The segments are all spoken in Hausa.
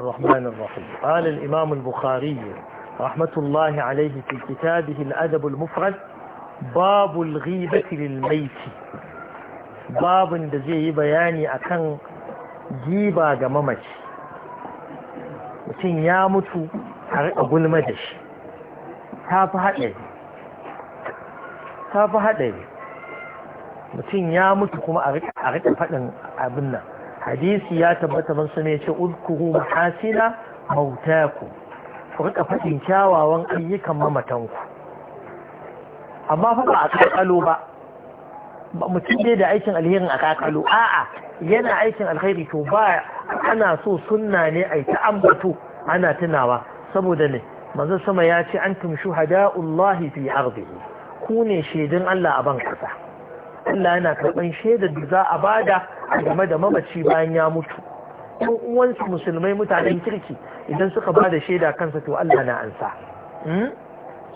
الرحمن الرحيم قال الإمام البخاري رحمة الله عليه في كتابه الأدب المفرد باب الغيبة للميت باب دزي بياني أكن جيبا جممج mutum ya mutu a riƙa gulma da shi ta fi haɗari ta fi haɗari mutum ya mutu kuma a riƙa faɗin abin nan hadisi ya tabbata ban su ne ce uzkuru mahasina mautaku ku rika fadin kyawawan ayyukan mamatanku amma fa ba a kakalo ba mutum dai da aikin alherin a kakalo a'a yana aikin alkhairi to ba ana so sunna ne a ta ambato ana tunawa saboda ne manzo sama ya ce antum shuhada'ullahi fi ardihi ku ne shaidun Allah a ban kasa Allah yana karɓar shaidar da za a bada a game da mamaci bayan ya mutu in uwansu musulmai mutanen kirki idan suka ba da shaida kansa to Allah na ansa hmm?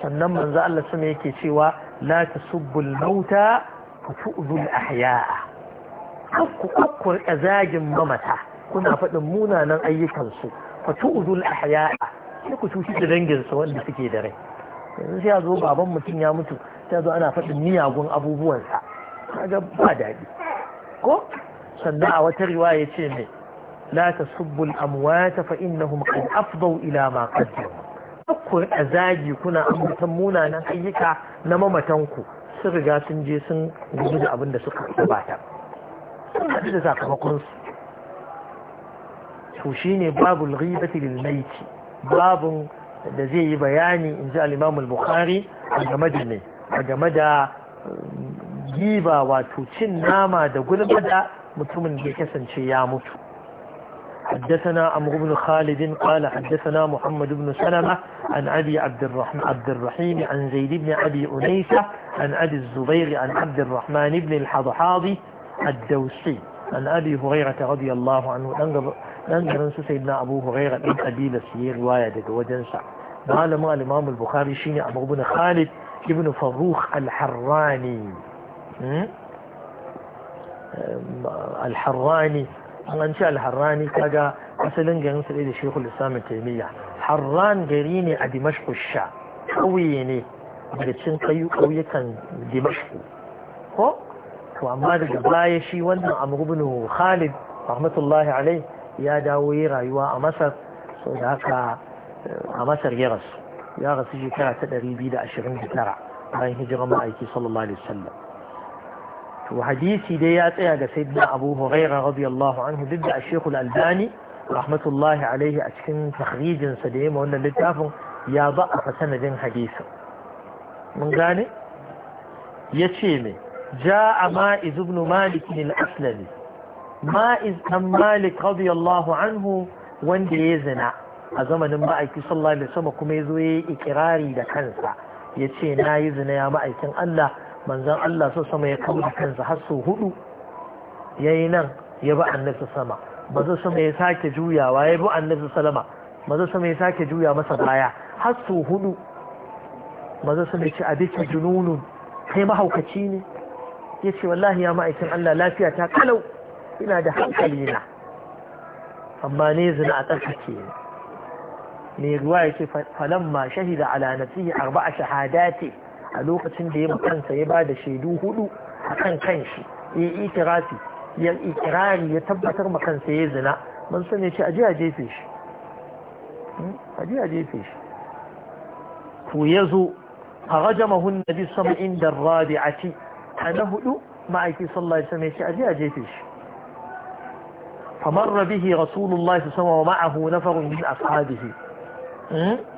sannan manzo Allah sama yake cewa la tasubbul mauta tu'dhul ahya'a kakku kakku zagin mamata kuna faɗin munanan ayyukansu fa tu'dhul ahya'a sai ku da danginsu wanda suke da rai yanzu sai a zo baban mutum ya mutu sai zo ana faɗin miyagun abubuwansa kaga ba daɗi ko sannan a wata riwa ya ce mai la ta subbul amwata fa innahum qad afdaw ila ma qaddam ku rika zagi kuna ambatan munanan ayyuka na mamatan ku. sun riga sun je sun gudu da abin da suka gabata sun da sakamakon sakamakonsu to shi ne babul ghibati lil mayt Babu da zai yi bayani in ji al-imam al-bukhari a a game da giba wato cin nama da gulma da mutumin da ya kasance ya mutu حدثنا عمرو بن خالد قال حدثنا محمد بن سلمة عن أبي عبد الرحمن عبد الرحيم عن زيد بن أبي أنيسة عن أبي الزبير عن عبد الرحمن بن الحضحاضي الدوسي عن أبي هريرة رضي الله عنه لنجرن سيدنا أبو هريرة بن أبي بسير رواية وجنسة قال ما الإمام البخاري شيني عمرو بن خالد ابن فروخ الحراني alharrani an ce alharrani kaga asalin garin su da shekul taimiyya harran gari ne a dimashku sha ƙauye ne daga cin ƙauyukan dimashku ko to amma daga baya shi wannan amurbin khalid rahmatullahi alai ya dawo yi rayuwa a masar sau da haka a masar ya rasu ya rasu shekara ta 229 bayan hijirar ma'aiki sallallahu alaihi wasallam to hadisi dai ya tsaya ga sayyidina abu huraira radiyallahu anhu duk da shekul albani rahmatullahi alaihi a cikin tahrijinsa da ya littafin ya ba a sanadin hadisin mun gane ya ce mai جاء مائز بن مالك الأسلمي مائز أم مالك رضي الله عنه وندي يزنع أزمن مأيك صلى الله عليه وسلم كما يزوي إكراري لكنسا يتشي نا يا مأيك الله manzan Allah su sama ya kawo kansa har sau hudu ya yi nan ya bi annabi sama manzan sama ya sake juyawa ya bi annabi salama sama ya sake juya masa baya har sau hudu manzan sama ya ce a dake jununun kai mahaukaci ne ya ce wallahi ya ma'aikin Allah lafiya ta kalau ina da hankali na amma ne zina a tsarkake ne ruwa ya ce falamma shahida ala nafsihi arba'a shahadati a lokacin da ya kansa ya ba da shaidu hudu a kan kanshi ya yi ikirafi ya ikirari ya tabbatar ma ya zina mun san ya ce aje a jefe shi hmm? aje a jefe shi Ku ya zo a rajamahu nabi sama inda rabi'ati a na hudu ma'aiki sallallahu alaihi wasallam ya ce aje a jefe shi famar rabihi rasulullahi sallallahu alaihi wasallam wa ma'ahu nafarun min ashabihi hmm?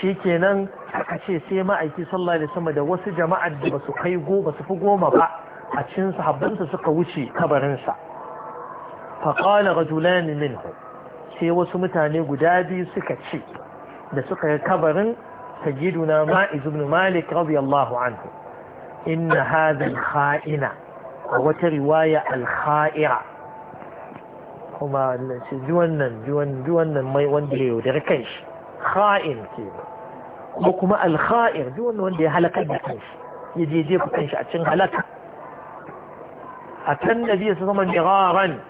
shi kenan aka ce sai ma'aiki sallah alaihi sama da wasu jama'ar da basu kai go fi goma ba a cikin sahabbansa suka wuce kabarinsa fa qala rajulani minhu sai wasu mutane guda biyu suka ce da suka ga kabarin sayyiduna ma'iz ibn malik radiyallahu anhu inna hadha al-kha'ina a wata riwaya al-kha'ira kuma ji wannan ji wannan mai wanda ya yaudar shi. kha'in ke ko kuma alkha'ir duk wanda wanda ya halaka da kanshi ya je ku kanshi a cin halaka a kan da zai zama miraran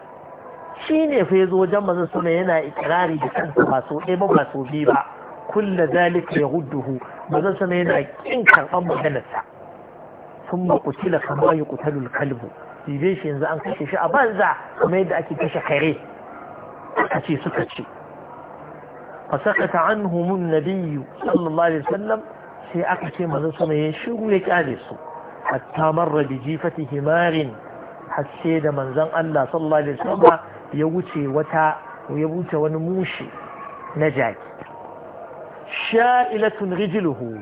shi ne fa yazo wajen manzo sama yana ikirari da kansa ba so ɗaya ba ba so biyu ba kulla zalika yahudduhu manzo sama yana kin karban maganarsa sun ba kutila kama yi kutalul kalbu dibe shi yanzu an kashe shi a banza kuma yadda ake kashe kare aka ce suka ce فسكت عنهم النبي صلى الله عليه وسلم sai aka ce mazan sama ya shiru ya kyale su hatta marra bi jifati himarin hasse da manzon Allah sallallahu alaihi wasallam ya wuce wata ya wuce wani mushi na jaki sha'ilatun rijluhu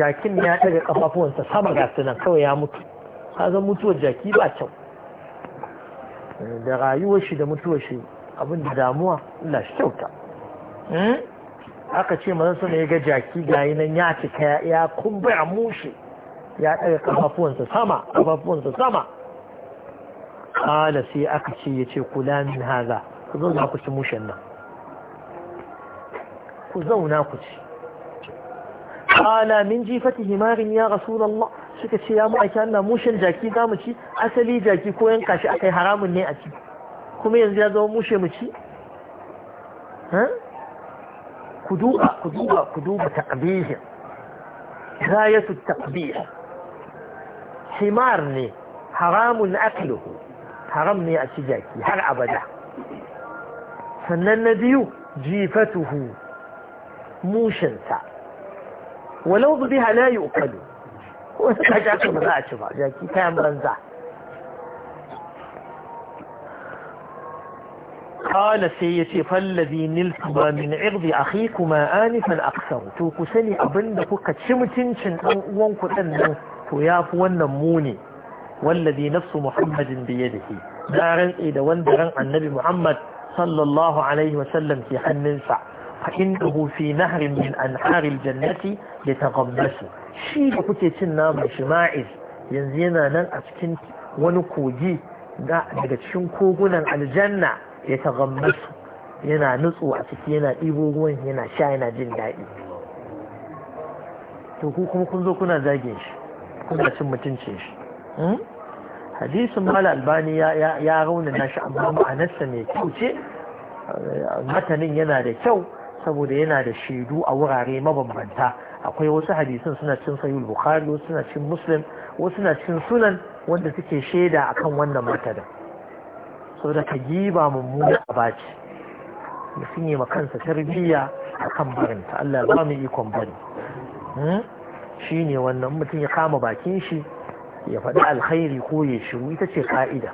jakin ya daga kafafuwansa sama ga sunan kawai ya mutu ka mutuwar jaki ba kyau da rayuwar shi da mutuwar shi abin da damuwa Allah shi kyauta hmm? aka ce manzo ne ya ga jaki gayi nan ya cika ya kumbura mushi ya ɗaga kafafuwansa sama kafafuwansa sama kala sai aka ce ya ce kula min haza ku zauna ku ci mushen nan ku zauna ku ci kala min jifati himarin ya Allah, suka ce ya ma'aiki Allah mushen jaki za mu ci asali jaki ko yanka shi aka yi haramun ne a ciki. kuma yanzu ya zama mushe mu ci ku duba ku duba ku duba taqbihin gayatu taqbih himar ne haramun akluhu haram ne a ci jaki har abada sannan na biyu jifatuhu mushinsa walau biha la yu'kalu ko sai ka ba za a ci ba jaki kayan banza قال سيتي فالذي نلتما من عرض أخيكما آنفا أقصر توقسني أبندك كتشمتنشن أنك أنه تياف ونموني والذي نفس محمد بيده دارن إذا وندرن النبي محمد صلى الله عليه وسلم في حننسع فإنه في نهر من أنهار الجنة يتغمس شيء كتشنا من شمائز ينزينا نن أسكنت ونكوجي da daga cikin kogunan aljanna ya tagammasu yana nutsu a ciki yana ɗibo ruwan yana sha yana jin daɗi to ku kuma kun zo kuna zagin shi kuna cin mutuncin shi hmm? hadisun mal albani ya na shi amma ma'anarsa mai kyau ce matanin yana da kyau saboda yana da shaidu a wurare mabambanta akwai wasu hadisun suna cin sayul bukhari wasu suna cin muslim wasu suna cin sunan wanda suke shaida akan wannan matanin Sau da ka giba mummuna a baci mutum yi kansa tarbiyya a kan barinta Allah ba mu ikon bari hmm? shi ne wannan mutum ya kama bakin shi ya faɗi alkhairi ko ya shiru ita ce ka'ida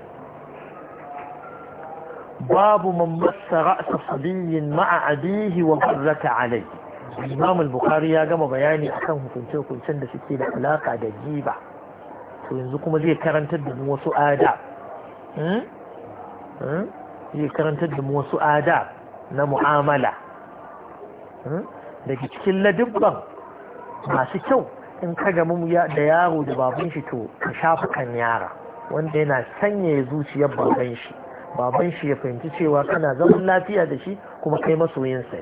babu man massa ra'sa sabiyin ma'a abihi wa barraka alai imam al-bukhari ya gama bayani akan hukunce-hukuncen da suke da alaka da giba to yanzu kuma zai karantar da mu wasu ada hmm? Eh? ya karantar da wasu ada na mu'amala eh? daga cikin ladubban masu kyau in ka gamu da yaro da baban shi to ka shafa kan yara wanda yana sanya zuciyar baban shi baban shi ya fahimci cewa kana zaman lafiya da shi kuma kai masoyinsa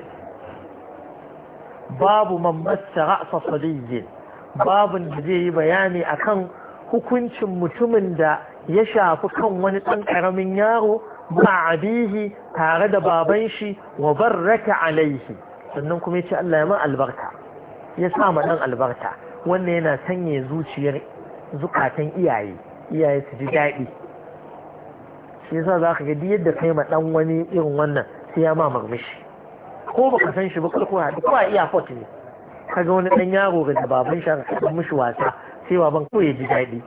babu man massa sadiyyin babun da zai yi bayani akan hukuncin mutumin da ya shafi kan wani ɗan ƙaramin yaro a bihi tare da baban shi wa barraka alaihi sannan kuma ya ce Allah ya ma albarka ya sa ma ɗan albarka wannan yana sanya zuciyar zukatan iyaye iyaye su ji daɗi shi yasa za ka ga duk yadda kai ma ɗan wani irin wannan sai ya ma murmushi ko baka san shi ba ko haɗu ko a iya fort ne kaga wani ɗan yaro ga baban shi aka mishi wasa sai baban ko ya ji daɗi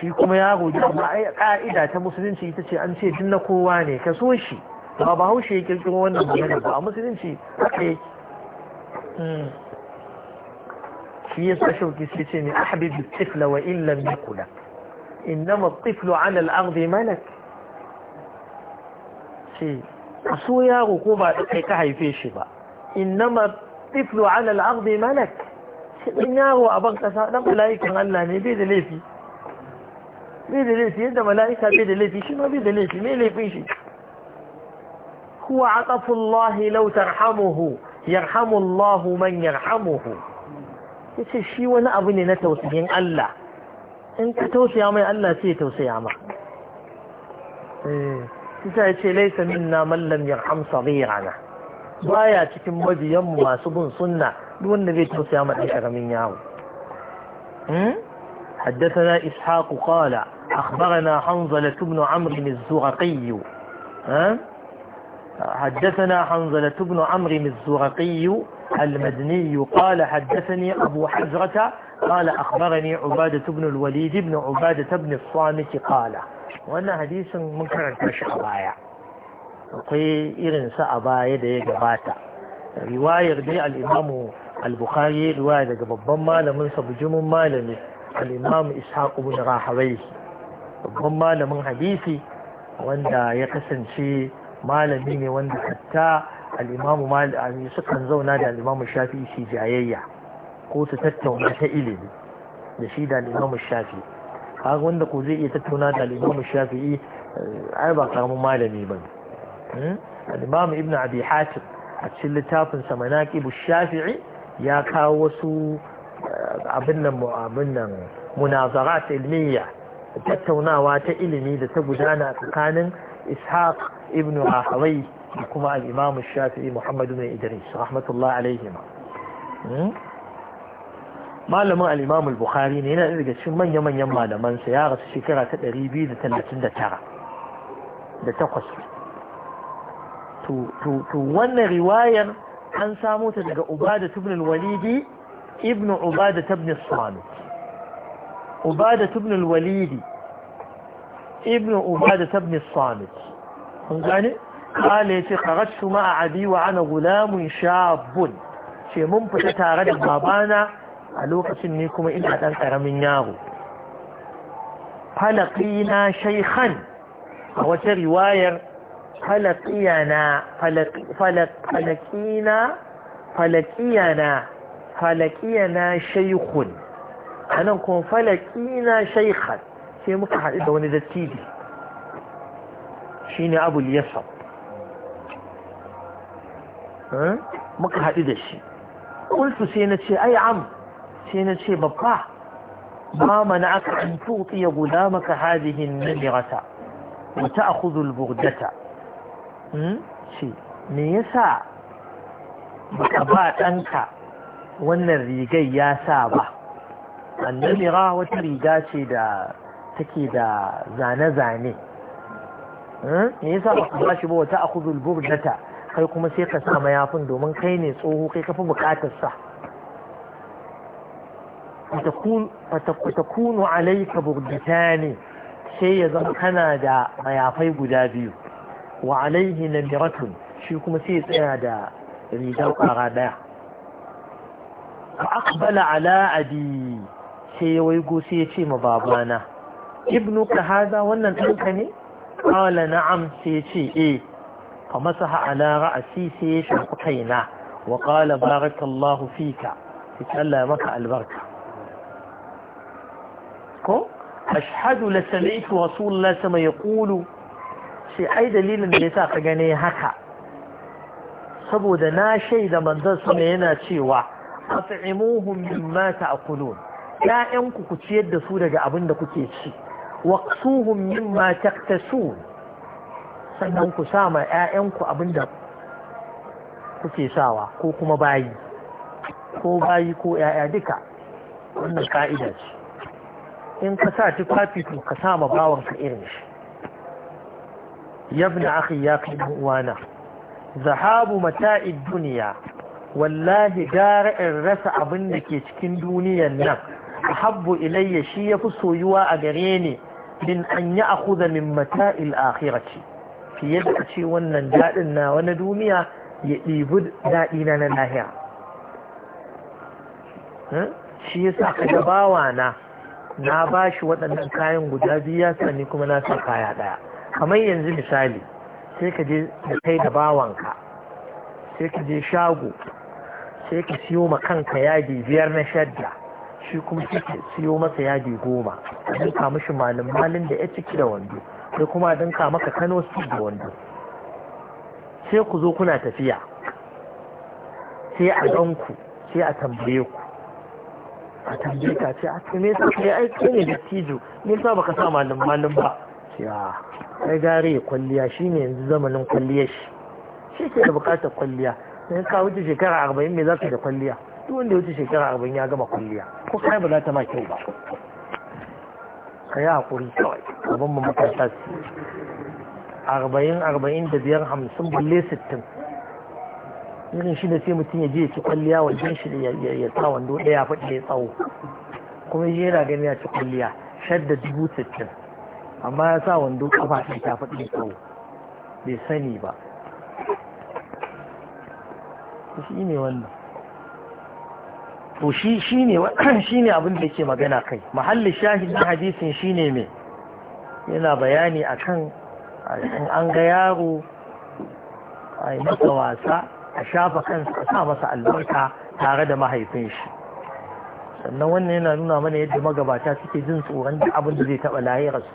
shi kuma yaro da amma ai ka'ida ta musulunci ita ce an ce duk na kowa ne ka so shi ba ba haushe ya kirkiro wannan magana ba a musulunci haka yake hmm. shi ya sa shauki sai ce ne ahbibu tifla wa illam yakula innama tiflu ala al-ardi malak ce a so yaro ko ba kai ka haife shi ba innama tiflu ala al-ardi malak shi dan yaro a ban kasa dan malaikan Allah ne bai da laifi بيدي ليسي يدى ملائكة بيدي ليسي شنو بيدي ليسي مين لي في شي هو عطف الله لو ترحمه يرحم الله من يرحمه يسي شي ولا أبني نتوسيين ألا انت توسي عمي ألا تي توسي عمي تسعي شي إيه. ليس منا من لم يرحم صغيرنا بايا تكن مدي يما سبن صنة دون نبي توسي عمي أشعر من ياو إيه. Hmm? حدثنا إسحاق قال أخبرنا حنظلة بن عمرو الزرقي ها؟ حدثنا حنظلة بن عمرو الزرقي المدني قال حدثني أبو حزرة قال أخبرني عبادة بن الوليد بن عبادة بن الصامت قال وأنا حديث منكر مش أبايا اوكي irinsa a baya da رواية gabata riwayar dai al'imamu al-bukhari riwaya daga babban malamin al-imam ishaq ibn rahawai babban malamin hadisi wanda ya kasance malami ne wanda hatta al-imam malami sukan zauna da al-imam shafi'i shi jayayya ko su tattauna ta ilimi da shi da al-imam shafi'i kaga wanda ko zai iya tattauna da al-imam shafi'i eh, ai ba karamin malami ba hmm? al ibn abi hatim a cikin littafin sa manaqibu shafi'i ya kawo wasu abin nan abin nan munazarat ilmiya tattaunawa ta ilimi da ta gudana tsakanin ishaq ibn rahawai da kuma al-imam shafi'i muhammad ibn idris rahmatullahi ma hmm? malamin al-imam al-bukhari ne yana daga cikin manya-manyan malaman sa ya rasu shekara ta 239 da takwas to wannan riwayar an samu ta daga ubada ibn al-walidi ابن عبادة بن الصامت عبادة بن الوليد ابن عبادة ابن الصالح فهمتاني قال يتي قرجت مع عدي وعن غلام شاب في ممكن تتارد بابانا ألوك سنيكم إلا تنقر من فلقينا شيخا هو رواية فلقينا فلقينا فلقينا falaqiyana shaykhun anan kuma falaqina shaykhan sai muka haɗu da wani dattijo shine abul yasab eh? muka haɗu da shi qultu sai na ce ai am sai na ce babba ma mana aka an tuti ya guda maka hadihin na wa ta'khudhu a bughdata hmm me yasa baka ba ɗanka wannan rigai ya sa ba annamira wata riga ce da take da zane-zane hmm? me yasa ba ku ba shi ba wata akuzul burdata kai kuma sai ka sa mayafin domin kai ne tsoho kai kafi bukatar sa fatakunu alaika burdata ne sai ya zama kana da mayafai guda biyu wa alaihi miratun shi kuma sai ya tsaya da riga kwara daya aqbala ala adi sai ya waigo sai ya ce ma babana ibnu ka haza wannan ɗanka ne kala na'am sai ya ce eh fa masaha ala ra'asi sai ya shanku kaina wa qala barakallahu fika fi kalla maka albarka ko ashhadu la wasu rasulullah sama kulu. sai ai dalilin da yasa ka gane haka saboda na shaida manzon sama yana cewa at'imuhum mimma ta'kulun ya'yanku ku ciyar da su daga abin da kuke ci waqsuhum mimma taktasun sannan ku sa ma ku abin da kuke sawa ko kuma bayi ko bayi ko ya'ya duka wannan ka'ida ce in ka sa tufafi to ka sa ma ka irin shi yabna akhi ya kai uwana zahabu mata'id dunya wallahi gara in rasa abin da ke cikin duniyan nan habbu ilayya shi ya fi soyuwa a gare ni min an yi akuza min mata'il akhirati fiye da ce wannan daɗin na wani duniya ya ɗibi daɗi hmm? na na lahira shi ya sa ka gabawa na na ba shi waɗannan kayan guda biyu ya sani kuma na sa kaya ɗaya kamar yanzu misali sai ka je da kai da bawanka sai ka je shago sai ka siyo ma kanka yadi biyar na shadda shi kuma sai ka siyo masa yadi goma a dinka mishi malin malin da ya ciki da wando sai kuma a dinka maka kano su da wando sai ku zo kuna tafiya sai a ganku sai a tambaye ku a tambaye ka ce a me yasa kai aiki ne da tijo me yasa baka sa malin malin ba ya kai gare kwalliya shine yanzu zamanin kwalliyar shi ce ke da bukatar kwalliya in ka wuce shekara arba'in me za ka da kwalliya duk wanda ya wuce shekara arba'in ya gama kwalliya ko kai ba za ta ma kyau ba ka yi haƙuri kawai gaban mu matasa su arba'in arba'in da biyar hamsin bulle sittin irin shi da sai mutum ya je ya ci kwalliya wajen shi ya sa wando ɗaya faɗi ya tsawo kuma shi yana gani ya ci kwalliya shadda dubu sittin amma ya sa wando ƙafa ta faɗi ya tsawo bai sani ba shi ne wannan to shi ne shi ne abin da yake magana kai mahallin shahid na hadisin shi ne mai yana bayani akan an ga yaro a yi masa wasa a shafa kansa a sa masa albarka tare da mahaifin shi sannan wannan yana nuna mana yadda magabata suke jin tsoron da abin da zai taɓa lahirarsu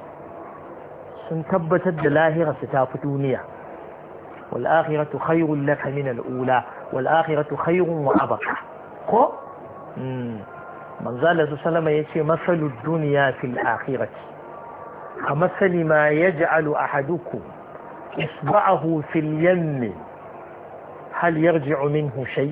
sun tabbatar da lahirarsu ta fi duniya wal'akhiratu khairul laka min al'ula wal akhiratu khayrun wa abqa ko manzo Allah sallama yace masalud dunya fil akhirati kamasali ma yaj'alu ahadukum isba'ahu fil yam hal yarji'u minhu shay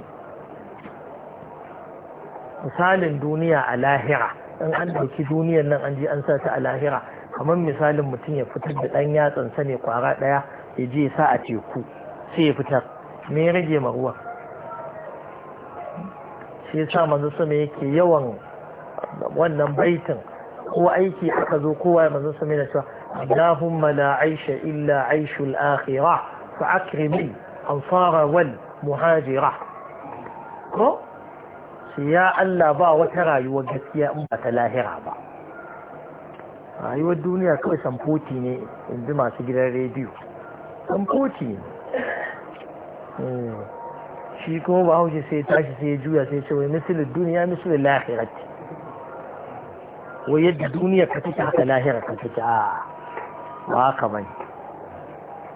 misalin duniya a lahira in an ɗauki duniyar nan an je an sa ta a lahira kamar misalin mutum ya fitar da ɗan yatsansa ne kwara ɗaya ya je sa a teku sai ya fitar me ya rage ma ruwa shi sa manzo sama yake yawan wannan baitin ko aiki aka zo kowa manzo sama da cewa aisha illa عيش إلا عيش الآخرة فأكرمي wal muhajira ko ya Allah ba wata rayuwar gaskiya in ba ta lahira ba rayuwar duniya kawai samfoti ne in ji masu gidan rediyo samfoti ne hmm. shi kuma bahaushe sai ya tashi sai ya juya sai ya ce wai misalin duniya misalin lahirati wai yadda duniya ka take haka lahira ka take a ba haka bane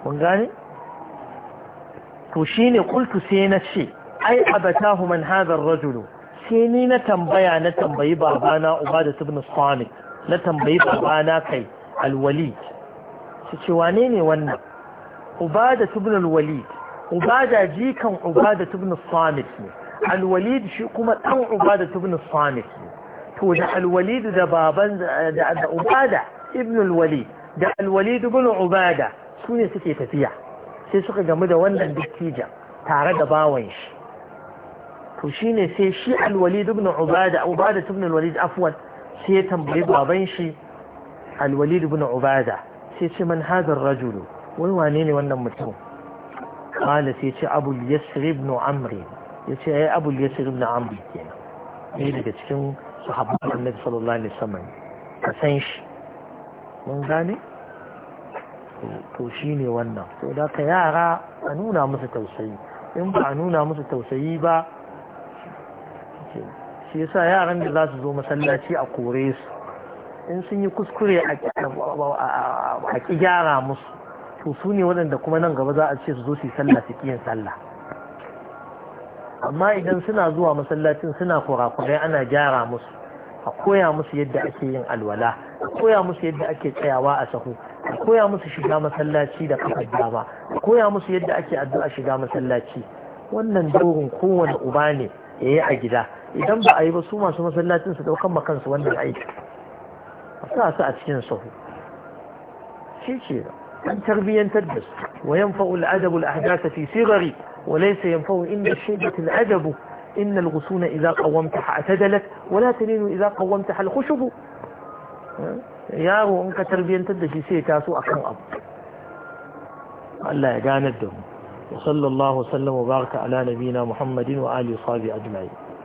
kun gane to shine kultu sai na ce ai abatahu man hadha ar-rajul sai ni na tambaya na tambayi babana ubada ibn samit na tambayi babana kai al-walid su ce wane ne wannan ubada ibn al-walid ubada jikan ubada tubin samit ne alwalid shi kuma dan ubada tubin samit ne to da alwalid da baban da ubada ibn alwalid da alwalid ibn ubada su ne suke tafiya sai suka gamu da wannan dattijan tare da bawan shi to shine sai shi alwalid ibn ubada ubada ibn alwalid afwan sai ya tambayi baban shi alwalid ibn ubada sai ce man hadha ar-rajulu wai wane ne wannan mutum قال سيتي أبو اليسر بن عمرو يتي أي أبو اليسر بن عمرو كينا إيه cikin تكون صحابة النبي صلى الله ka san shi mun gane to shi ne wannan to da ka yara a nuna musu tausayi in ba a nuna musu tausayi ba shi yasa yaran da za su zo masallaci a kore su in sun yi kuskure a ƙi gyara musu to su ne waɗanda kuma nan gaba za a ce su zo su yi sallah su yin sallah amma idan suna zuwa masallacin suna kurakurai ana gyara musu a koya musu yadda ake yin alwala a koya musu yadda ake tsayawa a sahu a koya musu shiga masallaci da kafar dama a koya musu yadda ake addu'a shiga masallaci wannan dogon kowane uba ne ya yi a gida idan ba a yi ba su masu masallacin su daukan ma kansu wannan aiki a sa su a cikin sahu shi ce تربيا تدبس وينفو الأدب الأحداث في صغري وليس ينفو إن الشدة الأدب إن الغصون إذا قومتها أتدلت ولا تلين إذا قومتها الخشب ياهو أنك تربيا تدبس سيتاسو أخم أب الله جاندهم وصلى الله وسلم وبارك على نبينا محمد وآل صحابه أجمعين